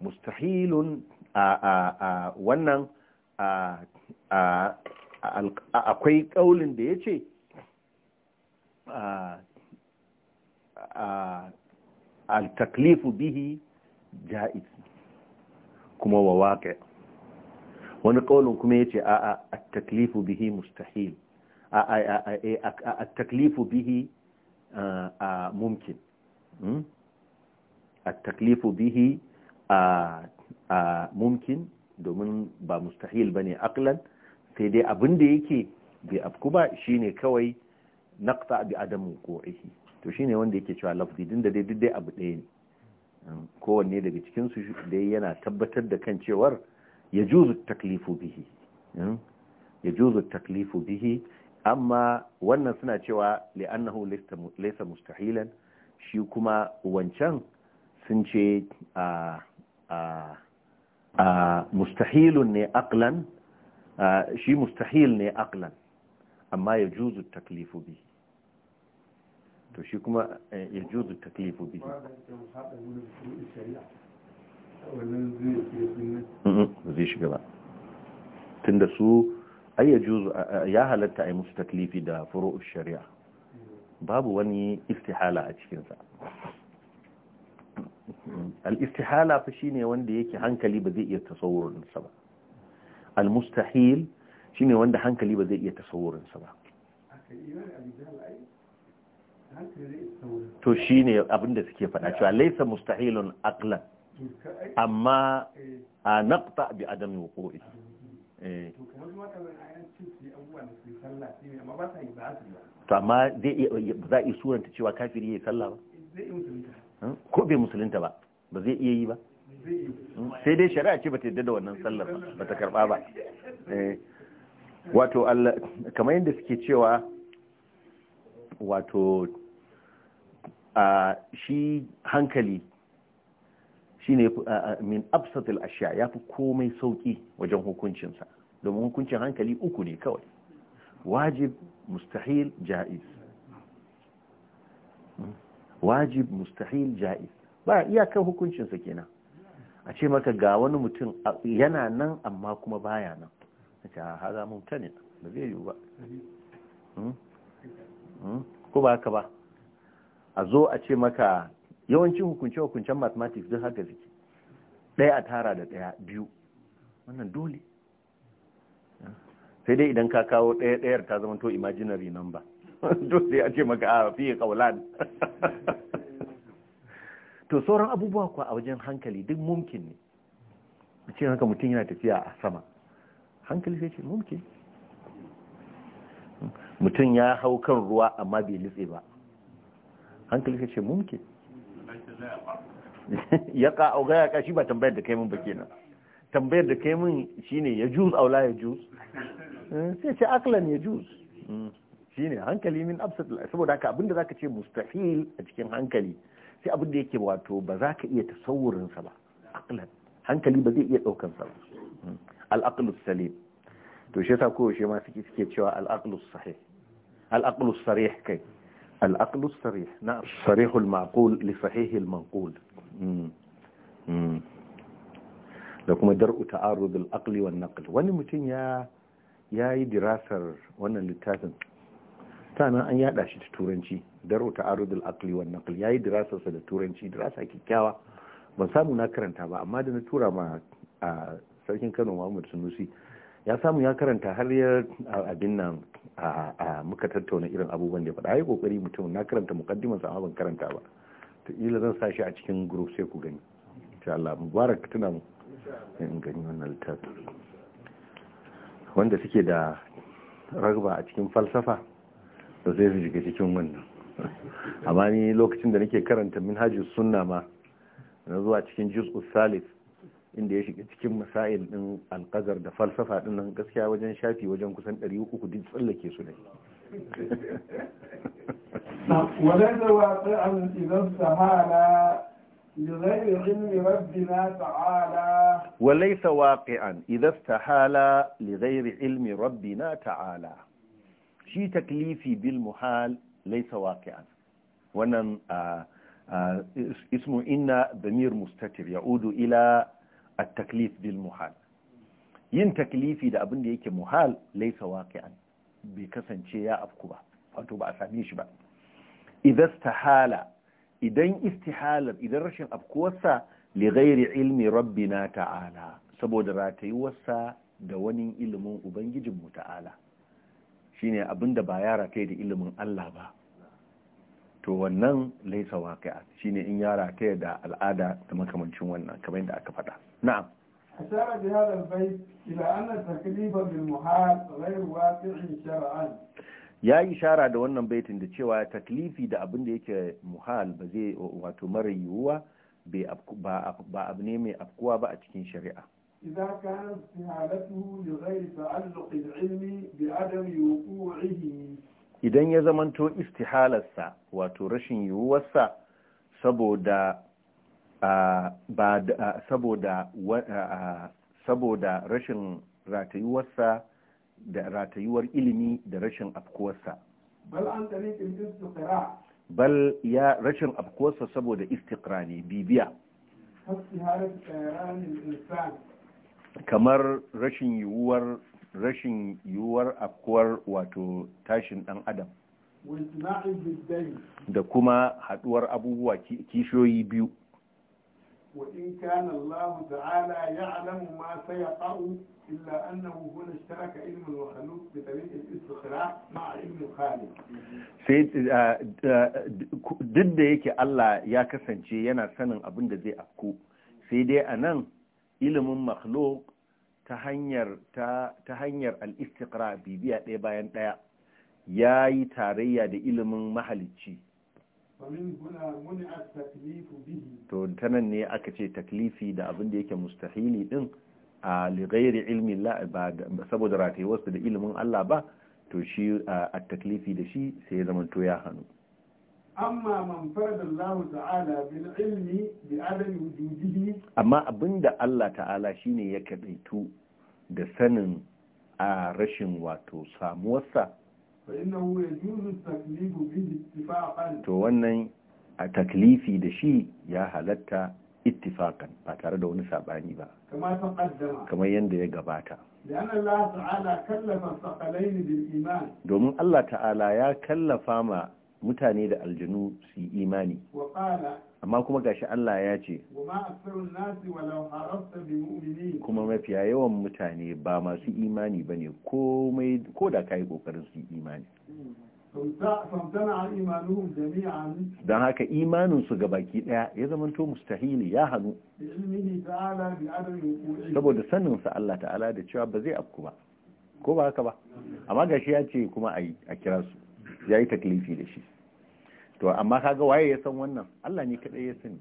Speaker 1: mustahilun a wannan akwai kaulin da ya ce al-taklifu bihi ja'iz kuma wa waƙe wani ƙaunin kuma ya ce a taklifu bihi mustahil a taklifu bihi mumkin A taklifu bihi a mumkin domin ba mustahil bane aqlan sai dai abin da yake bai afku ba shine kawai naqta bi adam wuqu'ihi to shine wanda yake cewa lafzi din da dai duk dai abu ɗaya ne kowanne daga cikin su dai yana tabbatar da kan cewar yajuzu taklifu bihi yajuzu taklifu bihi amma wannan suna cewa li'annahu laysa mustahilan shi kuma wancan sun ce a mustahilun ne aklan shi mustahil ne aklan amma ya juzu taklifu bi to shi kuma eh, ya juzu taklifu bi zai shiga ba tun da su juzu ya halatta a yi musu taklifi da furu'ul shari'a mm. babu wani istihala a cikinsa al-istihala fa ne wanda yake hankali ba zai iya tasawurin ba al-mustahil ne wanda hankali ba zai iya tasawurin ba to shi ne abinda suke faɗa cewa laisa mustahilun aqlan amma a naɓta bi adam wuqu'i eh. to amma za a yi suranta cewa kafiri yayi sallah ba Hmm? ko bai musulunta ba ba zai iya yi ba
Speaker 2: hmm?
Speaker 1: sai dai shari'a ce ba ta yadda da wannan sallar ba ta karba ba eh. wato Allah, kamar yadda suke cewa wato a shi hankali shi ne min absatul ashiya ya fi komai sauki wajen hukuncinsa domin hukuncin hankali uku ne kawai wajib mustahil ja'iz hmm? wajib mustahil ja'iz ba iyakar hukuncinsa kenan a ce maka ga wani mutum yana nan amma kuma baya nan a ce ah, haza ba zai yi ba hmm? Hmm? ko ba haka ba a zo a ce maka yawancin hukunce-hukuncen mathematics duk haka ziki ɗaya a tara da ɗaya biyu wannan dole hmm? sai dai idan ka kawo ɗaya ɗayar ta zama to imaginary number dole a ce maka a fiye kaulan to sauran abubuwa kuwa a wajen hankali duk mumkin ne A cikin haka mutum yana tafiya a sama hankali sai ce mumkin mutum ya hau kan ruwa amma bai litse ba hankali sai ce mumkin ya ka auga ya kashi ba tambayar da kaimun ba kenan tambayar da kaimun shi shine ya juz aula ya juz eh, sai ce aklan ya juz hmm. shine hankali min absat saboda haka abinda zaka ce mustahil a cikin hankali sai abin da yake wato ba za ka iya tasawurinsa ba aqlan hankali ba zai iya daukan sa ba hmm. al aqlu salim to shi yasa ko shi ma suke suke cewa al aqlu sahih al aqlu sarih kai al aqlu sarih na sarih al ma'qul li sahih al manqul hmm. Hmm. da kuma dar'u ta'arud al aqli wan naql wani mutum ya ya yi dirasar wannan littafin sannan an yaɗa shi da turanci daro ta arudul akli wa naql yayi dirasarsa da turanci dirasa kikkiawa ban samu na karanta ba amma da na tura ma a sarkin Kano Muhammad Sunusi ya samu ya karanta har ya abin nan a muka tattauna irin abubuwan da faɗa ai kokari mutum na karanta muqaddimar sa ban karanta ba to ila zan sa shi a cikin group sai ku gani insha Allah mubarak tuna mu in gani wannan littafin wanda suke da ragba a cikin falsafa da sai su shiga cikin wannan amma ni lokacin da nake karanta hajji suna ma na zuwa cikin juz'us salis inda ya shiga cikin masail din alkazar da falsafa din nan gaskiya wajen shafi wajen kusan 300 duk tsallake su ne
Speaker 2: وليس واقعا إذا استهالا لغير علم ربنا تعالى
Speaker 1: وليس واقعا إذا استهالا لغير علم ربنا تعالى shi taklifi bil muhal laysa waqi'an wannan ismu inna damir mustatir ya'udu ila at-taklif bil muhal yin taklifi da abin da yake muhal laysa waqi'an bai kasance ya afku ba wato ba a same shi ba idza istihala idan istihalar idan rashin afkuwarsa li ghairi ilmi rabbina ta'ala saboda ratayuwarsa da wani ilimin ubangijin mu ta'ala shine abinda ba yara kai da ilimin Allah ba to wannan laisa waqi'a shine in yara kai da al'ada da makamancin wannan kamar yadda aka faɗa na'am
Speaker 2: أشار بهذا البيت إلى أن التكليف بالمحال غير واقع شرعا
Speaker 1: ya yi shara da wannan baitin da cewa taklifi da abin da yake muhal ba zai wato mara yiwuwa ba abu ne mai afkuwa ba a cikin shari'a
Speaker 2: إذا كانت استهالته لغير تعلق العلم بعدم وقوعه
Speaker 1: idan ya zamanto istihalarsa wato rashin yiwuwarsa saboda ba saboda saboda rashin ratayuwarsa da ratayuwar ilimi da rashin afkuwarsa bal ya rashin afkuwarsa saboda istiqra ne bibiya kamar rashin yiwuwar rashin yiwuwar afkuwar wato tashin dan adam da kuma haduwar abubuwa kishiyoyi biyu
Speaker 2: وإن كان الله تعالى يعلم ما سيقع إلا أنه هنا اشترك علم الاستخراع مع علم الخالق
Speaker 1: duk da yake Allah ya kasance yana sanin abin da zai afku sai dai a nan ilimin makhluk ta hanyar ta hanyar al-istiqra bibiya ɗaya bayan ɗaya ya yi tarayya da ilimin mahalicci to tanan ne aka ce taklifi da abin da yake mustahili din a ghairi ilmi la ba saboda wasu da ilimin Allah ba to shi a taklifi da shi sai ya zama to ya hannu
Speaker 2: amma man farada Allah ta'ala bil ilmi bi adami wujudihi
Speaker 1: amma abinda Allah ta'ala shine ya kadaitu da sanin a rashin wato samuwar samuwarsa
Speaker 2: fa innahu yajuzu taklifu bihi ittifaqan to
Speaker 1: wannan a taklifi da shi ya halatta ittifakan ba tare da wani sabani ba
Speaker 2: kamar ta kaddama.
Speaker 1: Kamar yadda ya gabata domin Allah ta'ala ya kallafa ma mutane da aljanu su yi imani amma kuma gashi Allah ya ce kuma mafiya yawan mutane ba masu imani ba ne ko da ka yi ƙoƙarin su yi imani don haka imaninsu ga baki ɗaya ya zamanto mustahili ya hannu saboda saninsa Allah ta'ala da cewa ba zai afku ba ko ba haka ba amma gashi ya ce kuma a kira su ya yi taklifi da shi to amma kaga waye ya san wannan Allah ne kadai ya sani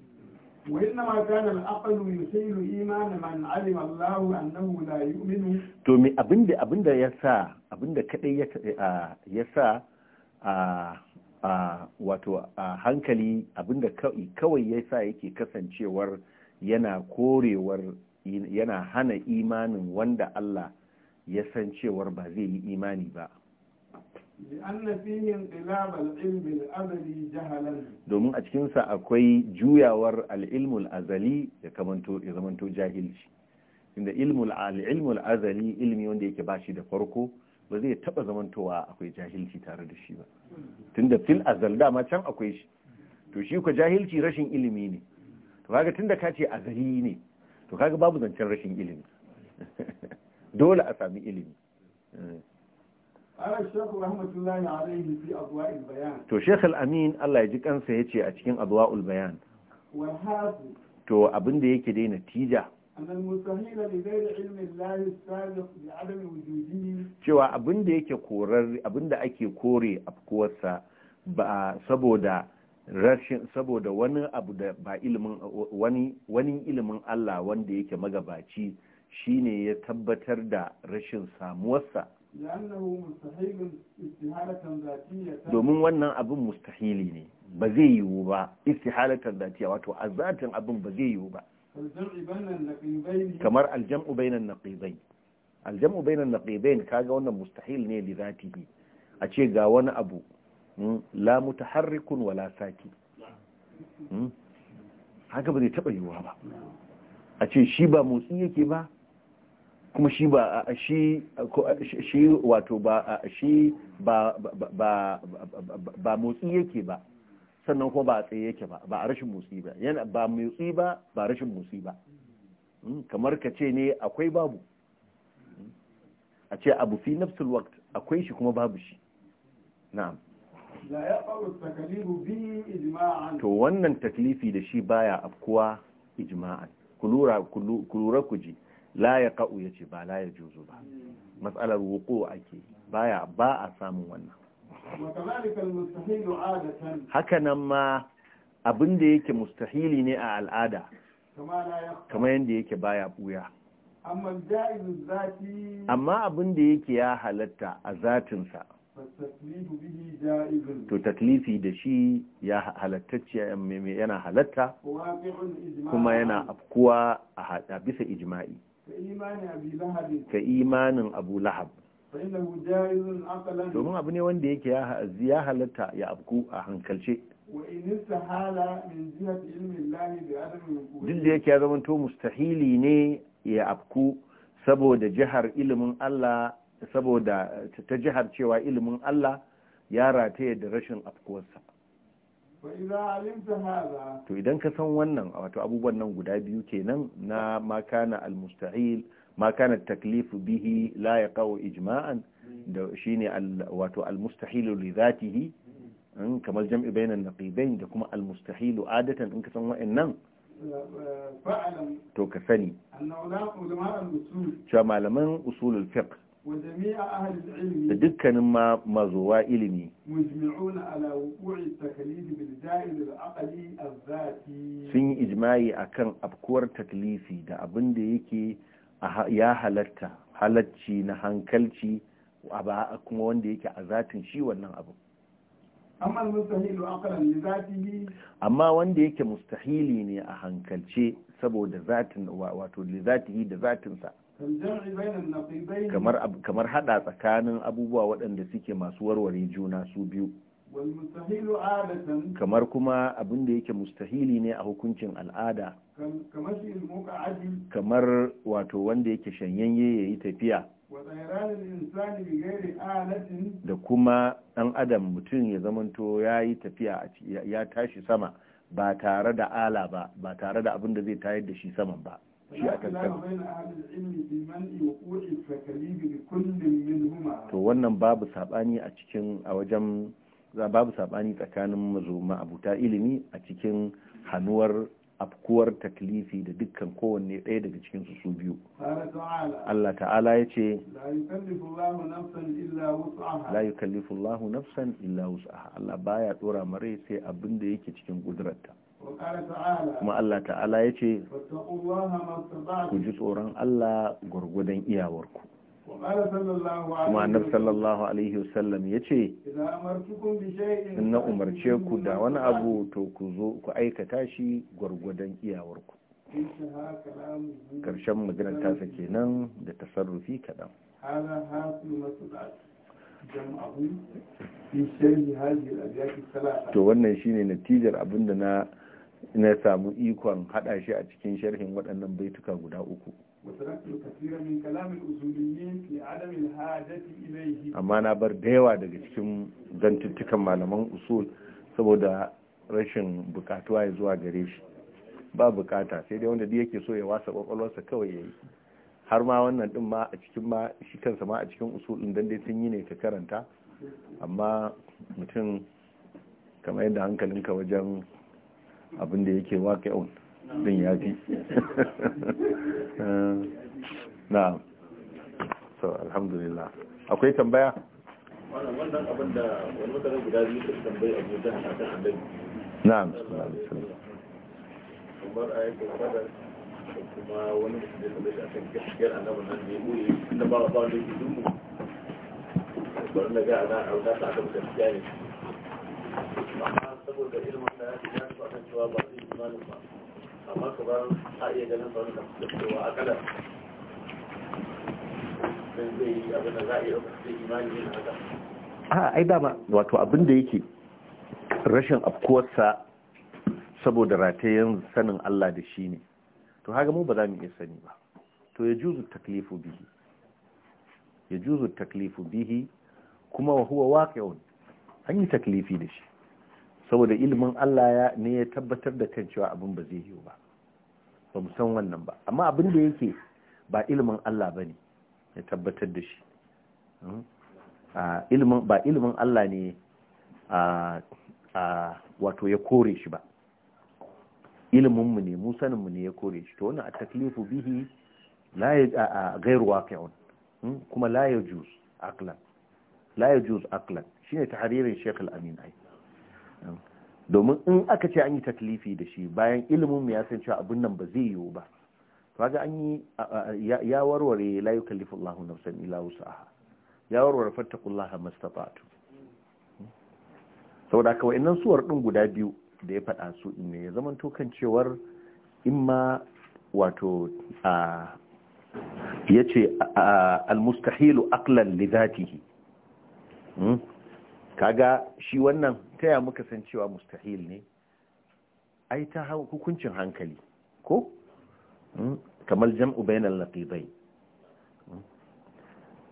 Speaker 2: وإنما كان الأقل يسيل إيمان من علم الله أنه لا يؤمن
Speaker 1: to me abinda abinda yasa abinda kadai ya yasa a a wato a hankali abinda kawai yasa yake kasancewar yana korewar yana hana imanin wanda Allah ya san cewar ba zai yi imani ba domin a cikinsa akwai juyawar al'ilmul azali ya zamanto jahilci inda al'ilmul azali ilmi wanda yake ba shi da farko ba zai taba zamantowa akwai jahilci tare da shi ba tunda fil azal dama can akwai shi to shi ku jahilci rashin ilimi ne to kaga tunda ka ce azali ne to kaga babu zancen rashin ilimi dole a sami ilimi to shekh al-amin Allah ya ji kansa ya ce a cikin adwa'ul bayan to abin da yake dai natija cewa abin da yake korar abin da ake kore afkuwarsa ba saboda rashin saboda wani abu da ba ilimin wani wani ilimin Allah wanda yake magabaci shine ya tabbatar da rashin samuwarsa domin wannan abin mustahili ne ba zai yiwu ba istihalatar datiya wato a zatin abin ba zai yiwu ba kamar aljam'u bainan naqibai aljam'u bainan ka kaga wannan mustahil ne li zatihi a ce ga wani abu la mutaharrikun wala saki haka ba zai taba yiwuwa ba a ce shi ba motsi yake ba kuma shi ba a shi shi wato ba a shi ba ba ba motsi yake ba sannan kuma ba a tsaye yake ba ba a rashin motsi ba yana ba motsi ba ba rashin motsi ba hmm, kamar ka ce ne akwai babu hmm, a ce abu fi nafsul waqt akwai shi kuma babu shi na'am
Speaker 2: la yaqalu taklifu bi ijma'an to
Speaker 1: wannan taklifi da shi baya afkuwa ijma'an kulura kulura kuji la ya ka'u ya ce ba la ya juzu ba matsalar wuko ake baya ba a samun wannan hakanan ma abin da yake mustahili ne a al'ada kamar yadda yake baya buya amma abin da yake ya halatta a zatinsa
Speaker 2: to taklifi
Speaker 1: da shi ya halattacciya yana halatta kuma yana afkuwa a bisa ijma'i ka imanin abu lahab domin abu ne wanda yake ya halatta ya abu a hankalce duk da yake ya zamanto mustahili ne ya abu saboda jihar ilimin Allah saboda ta jihar cewa ilimin Allah ya rataya da rashin afkuwarsa to idan ka san wannan wato abubuwan nan guda biyu kenan na makana almustahil makana taklif bihi la yaqau ijma'an da shi ne wato almustahilu li dhatihi kamar jam'i bainan naqibain da kuma almustahilu adatan in ka san wa'annan to ka sani cewa malaman usulul fiqh da dukkanin ma mazowa ilimi sun yi ijma'i kan afkuwar taklifi da abin da yake ya halatta halacci na hankalci a ba kuma wanda yake a zatin shi wannan abu amma wanda yake mustahili ne a hankalce saboda zatin wato lizatihi da zatinsa
Speaker 2: kamar kamar
Speaker 1: hada tsakanin abubuwa waɗanda suke masu warware juna su biyu kamar kuma abin da yake mustahili ne a hukuncin al'ada kamar wato wanda yake shanyanye ya yi tafiya da kuma ɗan adam mutum ya zamanto ya yi tafiya ya tashi sama ba tare da ala ba ba tare da abin da zai tayar da shi saman ba to wannan babu saɓani a cikin a wajen babu sabani tsakanin ma'abuta ilimi a cikin hannuwar afkuwar taklifi da dukkan kowanne ɗaya daga cikin su su biyu Allah ta'ala ya ce la yukallifu Allahu nafsan illa wus'aha Allah baya tsora mare sai abin da yake cikin kudurarta. kuma Allah ta'ala ya ce ku ji tsoron Allah gwargwadon iyawarku
Speaker 2: kuma annab
Speaker 1: sallallahu alaihi wasallam ya ce
Speaker 2: na umarce ku da wani abu
Speaker 1: to ku zo ku aikata shi gwargwadon iyawarku
Speaker 2: karshen maganar tasa kenan
Speaker 1: da tasarrufi kaɗan to wannan shine natijar abinda na na samu ikon haɗa shi a cikin sharhin waɗannan baituka guda uku amma na bar da yawa daga cikin zantuttukan malaman usul saboda rashin bukatuwa ya zuwa gare shi ba bukata sai dai wanda da yake so ya wasa kwakwalwarsa kawai ya yi har ma wannan din ma a cikin ma shi kansa ma a cikin usul din dan dai sun yi ne ta karanta amma mutum kamar yadda hankalinka wajen abinda yake waƙe waƙi'un din ya fi na so alhamdulillah akwai tambaya wannan abin da wani mutane guda biyu suka tambayi a guda a kan annabi na'am kamar a yankin fadar kuma wani da ya a kan gaskiyar annabi nan da ya buye inda ba ba wanda yake dumu bari na ga ana a wata ta gaskiya ne zo a iya da cewa abin da ai dama wato abin da yake rashin afkuwarsa saboda ratayen sanin Allah da shi ne to haka mu ba za mu iya sani ba to ya juzu taklifu bihi ya juzu taklifu bihi kuma wa huwa waqi'un an yi taklifi da shi saboda ilimin Allah ya ne ya tabbatar da kan cewa abin ba zai yiwu ba ba mu san wannan ba amma abin da yake ba ilimin Allah bane ya tabbatar da shi hmm? ba ilimin Allah ne wato ya kore shi ba ilimin ne mu ne ya kore shi to wannan a taklifu bihi la ya gairu waqi'un hmm? kuma la juz aqlan la ya juz aqlan shine tahririn Sheikh Al-Amin ai domin in aka ce an yi taklifi da shi bayan ilimin mu ya san cewa abun nan ba zai yiwu ba kaga an yi ya warware la yukallifu Allahu nafsan illa wus'aha ya warware fattaqullaha mastata'tu saboda kawai wayannan suwar din guda biyu da ya faɗa su ne ya zaman to kan cewar imma wato a yace al-mustahilu aqlan li dhatihi hmm? kaga shi wannan ta ya muka san cewa mustahil ne ai ta hukuncin hankali ko hmm? kamar jam'u bainal naqibai hmm?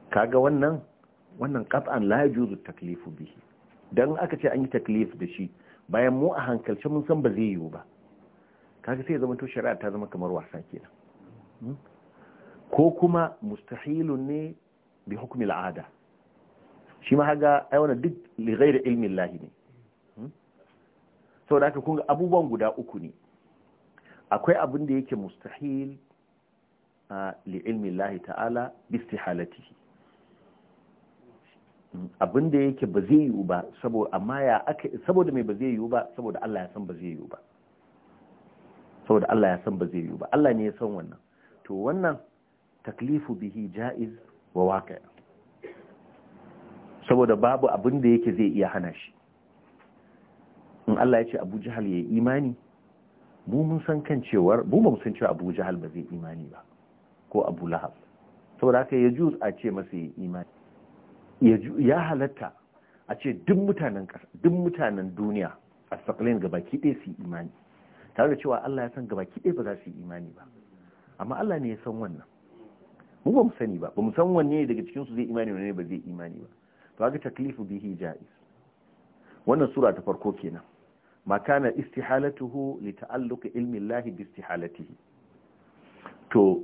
Speaker 1: kaga wannan wannan qat'an la taklifu bihi dan aka ce an yi taklif da shi bayan mu a hankalce mun san ba zai yiwu ba kaga sai zama to shari'a ta zama kamar wasa kenan hmm? ko kuma mustahilun ne bi hukmi al'ada shi ma haga ai wannan duk li ghairi ilmi lahi ne sau da aka kunga abubuwan guda uku ne akwai abin da yake mustahil a li'ilmi lahi ta'ala bisti halatti abin da yake ba zai yiwu ba saboda amma ya aka saboda mai ba zai yiwu ba saboda Allah ya san ba zai yiwu ba saboda Allah ya san ba zai yiwu ba Allah ne ya san wannan to wannan taklifu bihi jaiz wa waqi' saboda babu abin da yake zai iya hana shi in Allah ya ce Abu jihal ya imani mu mun san kan cewar mu ba mu san cewa Abu jihal ba zai imani ba ko Abu Lahab saboda haka ya juz a ce masa ya imani ya halatta a ce duk mutanen duk mutanen duniya a sakalin gabaki ɗaya su imani tare da cewa Allah ya san gabaki ɗaya ba za su yi imani ba amma Allah ne ya san wannan mu ba mu sani ba ba mu san wanne daga cikin su zai imani wanne ba zai imani ba to haka taklifu bihi jaiz wannan sura ta farko kenan makana istihalatuhu li ta'alluq ilmi Allah bi istihalatihi to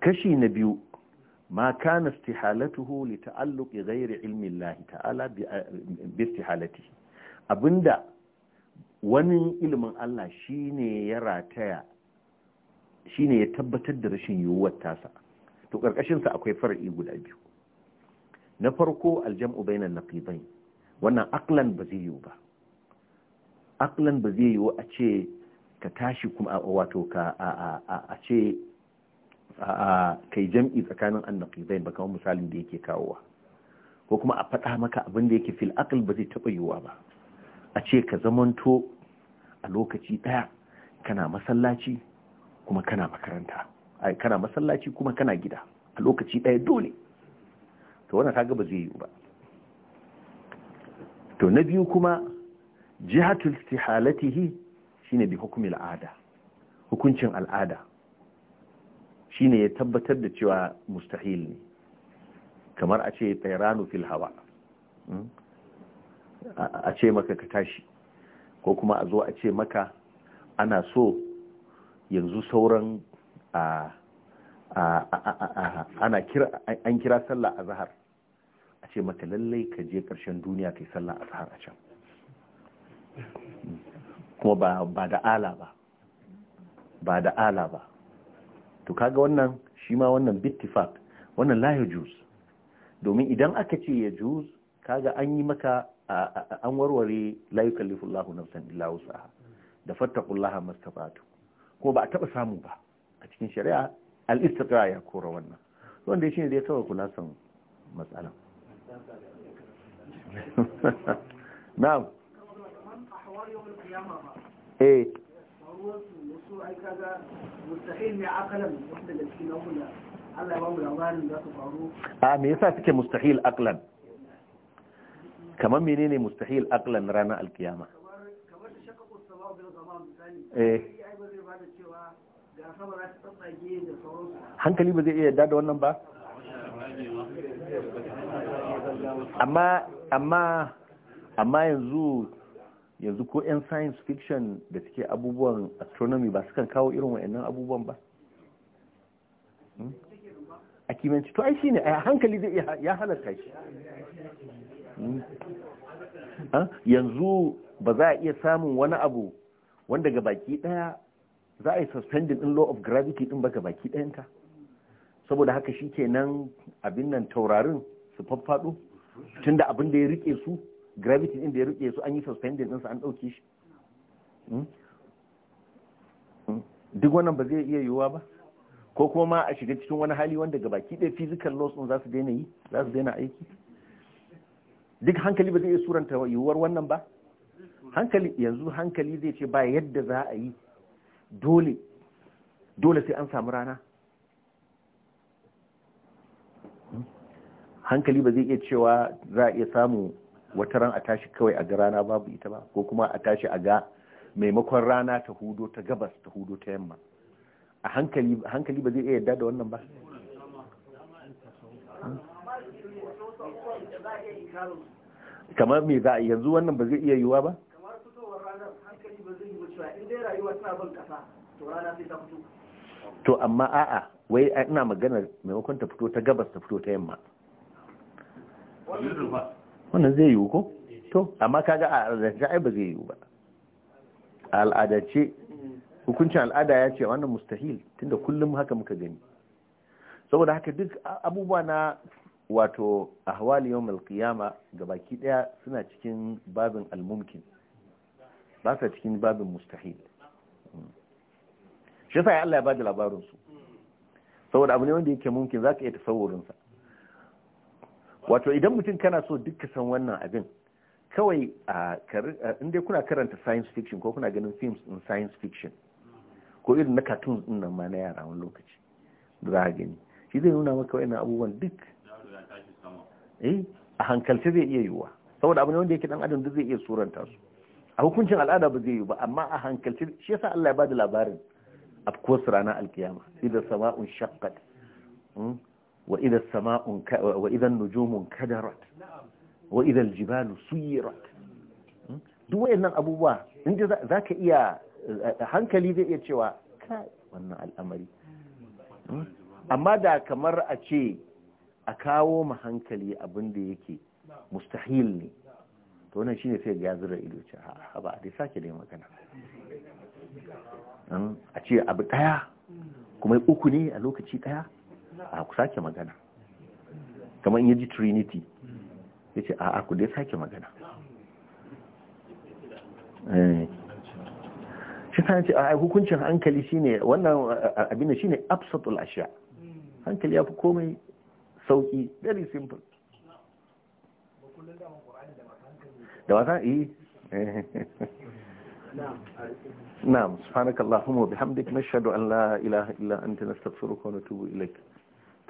Speaker 1: kashi na biyu makana istihalatuhu li ta'alluq ghairi ilmi Allah ta'ala bi istihalatihi abinda wani ilmin Allah shine ya rataya shine ya tabbatar da rashin yiwuwar tasa to karkashin sa akwai far'i guda biyu na farko aljam'u bainan naqidain wannan aqlan ba zai yiwu ba aklan ba zai yiwu a ce ka tashi kuma a wato ka a ce kai jam'i tsakanin annaqidain ba kamar misalin da yake kawowa ko kuma a faɗa maka abin da yake fil akal ba zai taɓa yiwuwa ba a ce ka zamanto a lokaci ɗaya kana masallaci kuma kana makaranta ai kana masallaci kuma kana gida a lokaci ɗaya dole to wannan kaga ba zai yiwu ba to na biyu kuma jihatul istihalatihi shine bi hukmi al'ada hukuncin al'ada shine ya tabbatar da cewa mustahil ne kamar a ce tayranu fil hawa hmm? a ce maka ka tashi ko kuma a zo a ce maka ana so yanzu sauran a ana an kira sallah azhar a ce maka lallai ka je karshen duniya kai sallah azhar a can kuma ba da ala ba ba da ala ba to kaga wannan shi ma wannan bittifak wannan la yajuz domin idan aka ce yajuz kaga an yi maka an warware la yukallifu Allahu nafsan illa wus'aha da fattaqullaha mastata'tu ko ba a taba samu ba a cikin shari'a al-istiqra ya kora wannan wanda shine da ya kawai kula san matsalan na'am a eh. ah, me yasa suke mustahil aklan kamar menene mustahil aklan ranar alkiyama eh. hankali ba zai iya yadda da wannan ba amma amma amma yanzu yanzu ko 'yan science fiction da suke abubuwan astronomy ba su kan kawo irin wa'annan abubuwan ba hmm? a kimanci to ai shi ne a hankali zai ya halatta shi hmm? ah, yanzu ba za a iya samun wani abu wanda ga baki daya za a yi suspending in law of gravity din ba ga baki dayanta saboda haka shi kenan abin nan taurarin su faffaɗo tunda abin da ya rike su gravity din da ya rike su an yi suspending din su an dauke shi hmm? Hmm? duk wannan ba zai iya yiwuwa ba ko kuma ma a shiga cikin wani hali wanda ga baki ɗaya physical laws din za su daina yi za su daina aiki duk hankali ba zai iya suranta yiwuwar wannan ba hankali yanzu hankali zai ce ba yadda za a yi dole dole sai an samu rana hmm? hankali ba zai iya cewa za a iya samu wata ran a tashi kawai a ga rana babu ita ba ko kuma a tashi a ga maimakon rana ta hudo ta gabas ta hudo ta yamma a hankali hankali ba zai iya yadda da wannan ba kamar me za a yanzu wannan ba zai iya yiwuwa ba
Speaker 2: kamar fitowar ranar hankali ba zai yi wucewa in dai rayuwa tana bin kasa
Speaker 1: to rana sai ta fito to amma a'a wai ina magana maimakon ta fito ta gabas ta fito ta yamma wannan zai yiwu ko to amma kaga a al'adance ai ba zai yiwu ba a al'adace hukuncin al'ada ya ce wannan mustahil tunda kullum haka muka gani saboda haka duk abubuwa na wato ahwali yawm qiyama gabaki daya suna cikin babin al-mumkin ba sa cikin babin mustahil shi yasa Allah ya bada labarin su saboda abu ne wanda yake mumkin zaka iya tasawurinsa wato idan mutum kana so duka san wannan abin kawai a inda kuna karanta science fiction ko kuna ganin films in science fiction ko irin na cartoons din nan ma na yara wani lokaci da za a gani shi zai nuna maka wayannan abubuwan duk eh, a hankalce zai iya yiwuwa saboda abu ne wanda yake dan adam duk zai iya suranta su a hukuncin al'ada ba zai yi ba amma a hankalce shi yasa Allah ya bada labarin of course ranar alkiyama idan sama'un shaqqat hmm? وإذا السماء وإذا النجوم كدرت وإذا الجبال سيرت duk wayannan abubuwa inda za ka iya hankali zai iya cewa kai wannan al'amari amma da kamar a ce a kawo ma hankali abinda yake mustahil ne to wannan shine sai ya zira ido ce ha ba dai sake da magana a ce abu daya kuma uku ne a lokaci daya a ku sake magana kamar in yaji trinity ya ce a ku dai sake magana eh. shi ta ce a hukuncin hankali shine wannan abin da shine absatul ashiya hankali ya fi komai sauki very simple da wata yi نعم سبحانك اللهم وبحمدك نشهد أن لا إله إلا أنت نستغفرك ونتوب إليك